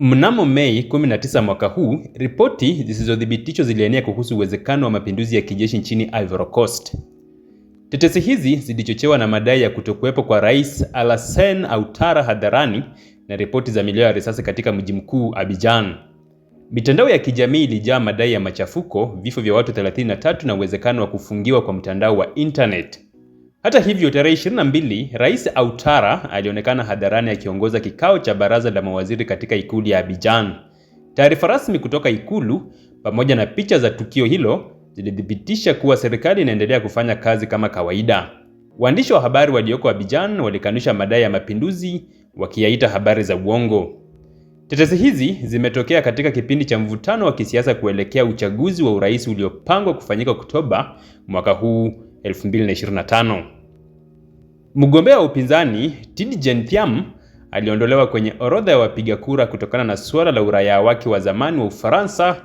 Mnamo Mei 19 mwaka huu, ripoti zisizothibitishwa zilienea kuhusu uwezekano wa mapinduzi ya kijeshi nchini Ivory Coast. Tetesi hizi zilichochewa na madai ya kutokuwepo kwa Rais Alassane Ouattara hadharani na ripoti za milio ya risasi katika mji mkuu Abidjan. Mitandao ya kijamii ilijaa madai ya machafuko, vifo vya watu 33 na uwezekano wa kufungiwa kwa mtandao wa internet. Hata hivyo, tarehe 22 Rais autara alionekana hadharani akiongoza kikao cha baraza la mawaziri katika ikulu ya Abidjan. Taarifa rasmi kutoka ikulu pamoja na picha za tukio hilo zilithibitisha kuwa serikali inaendelea kufanya kazi kama kawaida. Waandishi wa habari walioko Abidjan walikanusha madai ya mapinduzi wakiyaita habari za uongo. Tetesi hizi zimetokea katika kipindi cha mvutano wa kisiasa kuelekea uchaguzi wa urais uliopangwa kufanyika Oktoba mwaka huu 2025. Mgombea wa upinzani tid Thiam aliondolewa kwenye orodha ya wapiga kura kutokana na suala la uraia wake wa zamani wa Ufaransa,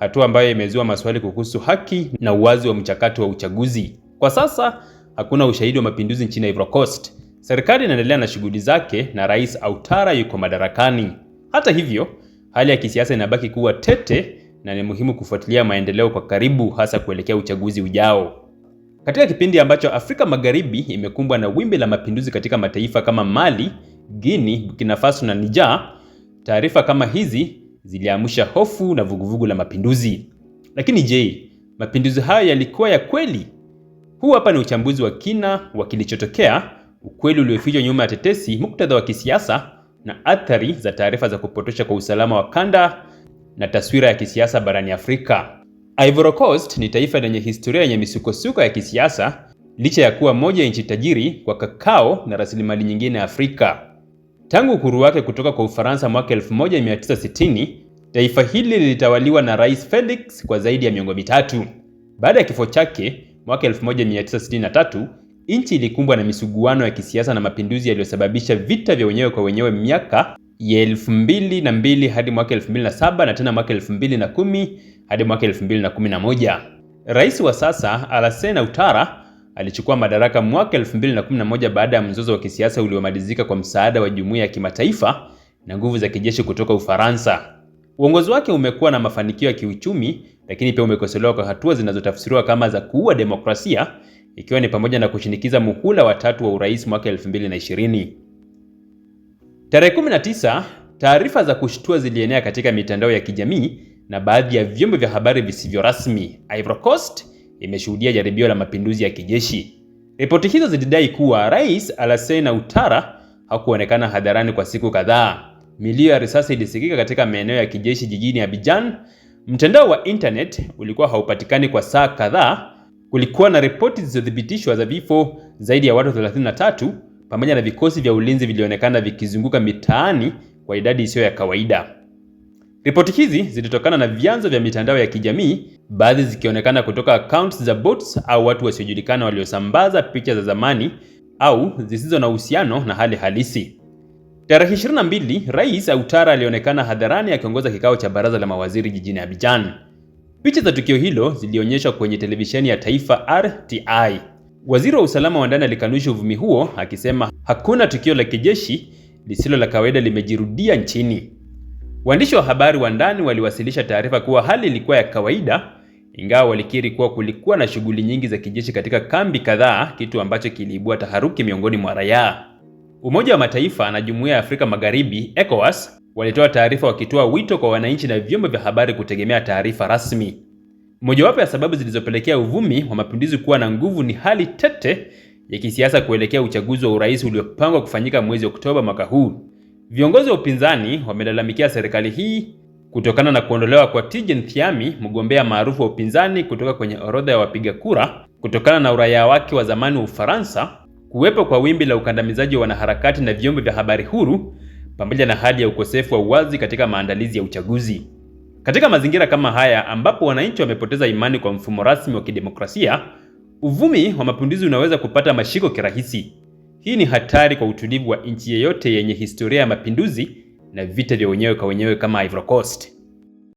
hatua ambayo imezua maswali kuhusu haki na uwazi wa mchakato wa uchaguzi. Kwa sasa hakuna ushahidi wa mapinduzi nchini Ivory Coast. Serikali inaendelea na shughuli zake na Rais autara yuko madarakani. Hata hivyo, hali ya kisiasa inabaki kuwa tete na ni muhimu kufuatilia maendeleo kwa karibu, hasa kuelekea uchaguzi ujao. Katika kipindi ambacho Afrika Magharibi imekumbwa na wimbi la mapinduzi katika mataifa kama Mali, Guinea, Burkina Faso na Niger, taarifa kama hizi ziliamsha hofu na vuguvugu la mapinduzi. Lakini je, mapinduzi hayo yalikuwa ya kweli? Huu hapa ni uchambuzi wa kina wa kilichotokea, ukweli uliofichwa nyuma ya tetesi, muktadha wa kisiasa na athari za taarifa za kupotosha kwa usalama wa kanda na taswira ya kisiasa barani Afrika. Ivory Coast ni taifa lenye historia yenye misukosuko ya kisiasa licha ya kuwa moja ya nchi tajiri kwa kakao na rasilimali nyingine Afrika. Tangu uhuru wake kutoka kwa Ufaransa mwaka 1960, taifa hili lilitawaliwa na Rais Felix kwa zaidi ya miongo mitatu. Baada ya kifo chake mwaka 1963, nchi ilikumbwa na misuguano ya kisiasa na mapinduzi yaliyosababisha vita vya wenyewe kwa wenyewe miaka ya elfu mbili na mbili hadi mwaka elfu mbili na saba na tena mwaka elfu mbili na kumi hadi mwaka elfu mbili na kumi na moja. Rais wa sasa Alassane Ouattara alichukua madaraka mwaka 2011 baada ya mzozo wa kisiasa uliomalizika kwa msaada wa jumuiya ya kimataifa na nguvu za kijeshi kutoka Ufaransa. Uongozi wake umekuwa na mafanikio ya kiuchumi, lakini pia umekosolewa kwa hatua zinazotafsiriwa kama za kuua demokrasia, ikiwa ni pamoja na kushinikiza muhula wa tatu wa urais mwaka 2020. Tarehe 19, taarifa za kushtua zilienea katika mitandao ya kijamii na baadhi ya vyombo vya habari visivyo rasmi. Ivory Coast imeshuhudia jaribio la mapinduzi ya kijeshi. Ripoti hizo zilidai kuwa Rais Alassane Ouattara hakuonekana hadharani kwa siku kadhaa. Milio ya risasi ilisikika katika maeneo ya kijeshi jijini Abidjan. Mtandao wa internet ulikuwa haupatikani kwa saa kadhaa. Kulikuwa na ripoti zilizothibitishwa za vifo zaidi ya watu 33 pamoja na vikosi vya ulinzi vilionekana vikizunguka mitaani kwa idadi isiyo ya kawaida. Ripoti hizi zilitokana na vyanzo vya mitandao ya kijamii, baadhi zikionekana kutoka accounts za bots au watu wasiojulikana waliosambaza picha za zamani au zisizo na uhusiano na hali halisi. Tarehe 22, Rais Autara alionekana hadharani akiongoza kikao cha baraza la mawaziri jijini Abidjan. Picha za tukio hilo zilionyeshwa kwenye televisheni ya taifa RTI. Waziri wa usalama wa ndani alikanusha uvumi huo akisema hakuna tukio la kijeshi lisilo la kawaida limejirudia nchini. Waandishi wa habari wa ndani waliwasilisha taarifa kuwa hali ilikuwa ya kawaida, ingawa walikiri kuwa kulikuwa na shughuli nyingi za kijeshi katika kambi kadhaa, kitu ambacho kiliibua taharuki miongoni mwa raia. Umoja wa Mataifa na Jumuiya ya Afrika Magharibi ECOWAS walitoa taarifa wakitoa wito kwa wananchi na vyombo vya habari kutegemea taarifa rasmi. Mojawapo ya sababu zilizopelekea uvumi wa mapinduzi kuwa na nguvu ni hali tete ya kisiasa kuelekea uchaguzi wa urais uliopangwa kufanyika mwezi Oktoba mwaka huu. Viongozi wa upinzani wamelalamikia serikali hii kutokana na kuondolewa kwa Tijen Thiami, mgombea maarufu wa upinzani, kutoka kwenye orodha ya wapiga kura kutokana na uraia wake wa zamani wa Ufaransa, kuwepo kwa wimbi la ukandamizaji wa wanaharakati na vyombo vya habari huru, pamoja na hali ya ukosefu wa uwazi katika maandalizi ya uchaguzi. Katika mazingira kama haya ambapo wananchi wamepoteza imani kwa mfumo rasmi wa kidemokrasia, uvumi wa mapinduzi unaweza kupata mashiko kirahisi. Hii ni hatari kwa utulivu wa nchi yeyote yenye historia ya mapinduzi na vita vya wenyewe kwa wenyewe kama Ivory Coast.